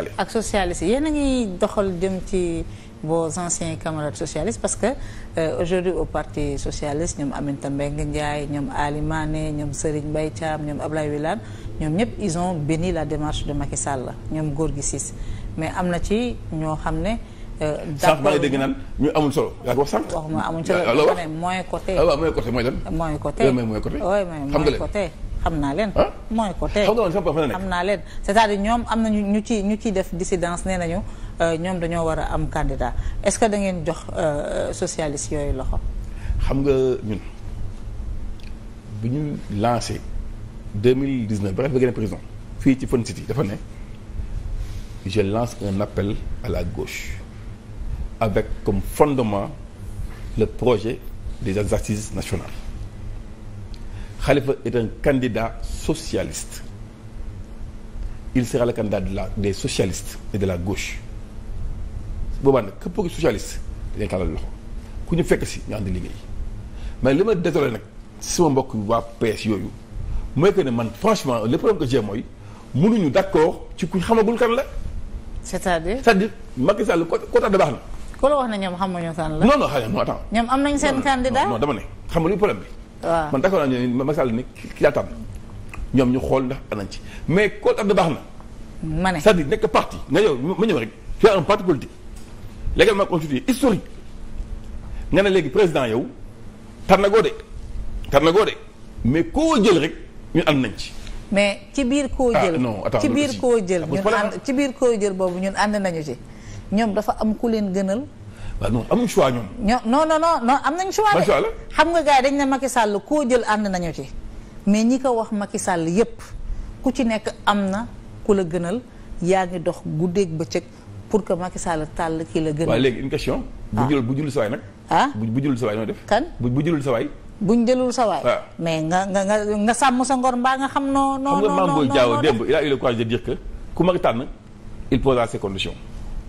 sénégalais. ak socialiste yéen a ngi doxal jëm ci vos anciens camarades socialistes parce que euh, aujourd'hui au parti socialiste ñoom Aminata Mbengue Ndiaye ñoom Ali Mané ñoom Serigne Mbaye Thiam ñoom Abdoulaye Wilane ñoom ñëpp ils ont béni la démarche de Macky la ñoom Gorgui Ciss mais am na ci ñoo xam ne. Euh, sànq maa ngi dégg naan ñu amul solo yaa wax sànq. waxuma amul solo mooy côté. Ah, waaw mooy côté mooy lan. mooy côté mooy mooy xam naa leen. mooy ko tey xam naa leen c'est-à-dire ñoom am nañu ñu ci ñu ciy def dissidence nee nañu euh, ñoom dañoo war a am candidat est-ce que da ngeen jox euh, socialiste yooyu loxo. xam nga ñun bu ñu lancé deux mille dix neuf ba nga gën a président fii ci Fun City dafa ne je lance un appel à la gauche avec comme fondement le projet des assises nationales. Khalifa est un candidat socialiste il sera le candidat de la des socialistes et de la gauche boobaa nag képp ku socialiste dañuy tàllal loxo ku ñu fekk si ñu ànd liggéey mais li ma désolé nag sama mbokk waa PS yooyu mooy que ne man franchement le problème que j'ai mooy mënuñu d'accord ci ku xamagul kan la. c'est-à-dire c'est-à-dire Macky Sall côté de baax na. ku la wax ne ñoom xamuñu kan la. non non xale non attends. ñoom am seen candidat non dama ne xam nga luy problème man d'accord naa ñu ne Macky Sall ni ki laa tànn ñoom ñu xool ndax nañ ci mais kool am na baax na. ma ne cest nekk parti nga yow ma ñëw rek tu as un parti politique légalement constitué nga ne léegi président yow tànnagoo de tànnagoo de mais koo jël rek ñu am nañ ci. mais ci biir koo ah, jël ci biir koo jël ah, ñun ànd ci biir koo jël boobu ñun ànd nañu ci ñoom dafa am ku leen gënal. waaw non amuñ choix ñoom. ñoo non non non am nañ xam nga gars dañ ne Macky sàll koo jël ànd nañu ci. mais ñi ko wax Macky sàll yépp ku ci nekk am na ku la gënal yaa ngi dox guddeeg bëccëg pour que Macky Sall tàll kii la gënal. waaw léegi une question. bu ah. jël bu jëlul sa nag. ah bu jëlul sa waay noo def. kan bu bu jëlul sa waay. buñ jëlul sa waay. Ah. mais nga nga nga nga sàmm sa ngor mbaa nga xam. non noo non non xam nga Mame Boye Diao démb il a eu le courage de dire que ku Macky tànn il posera ses conditions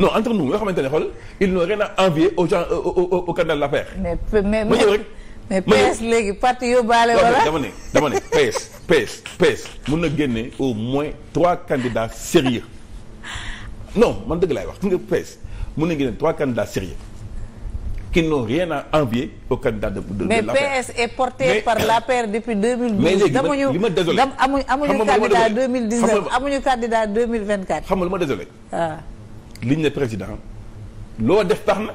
non entre nous nga xamante ne xool ils n'ont rien à envier aux gens euh, au candidat de la mais mais mais léegi parti yóbbaale dama ne dama ne PS mun na génne au moins trois candidats sérieux non man dëgg laay wax ki nga PS mun na génne trois candidats sérieux qui n'ont rien à envier au candidat de de mais de l'APR. est porté par l'APR depuis 2012. mais léegi li ma désolé amuñu amuñu candidat 2019 amuñu candidat 2024. xam nga lu ma désolé. waaw. Ah. liñ ne président loo def baax na.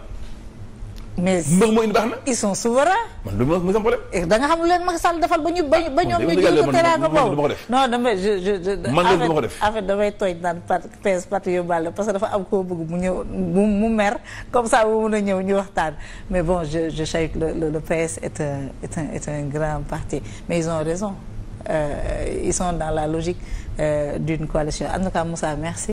mais mbër mooy baax na. ils sont souverains. man du ma ma problème. da nga xam lu leen Macky Sall defal ba ñu ba ñoom ñu jël ko teraanga boobu non damay je je. man de du ma ko def en fait damay tooñ naan PS parti yóbbaale parce que dafa am koo bëgg mu ñëw mu mu mer comme ça mu mun a ñëw ñu waxtaan mais bon je je sais que le le PS est un est un est un grand parti mais ils ont raison euh, ils sont dans la logique euh, d'une coalition en tout cas Moussa merci.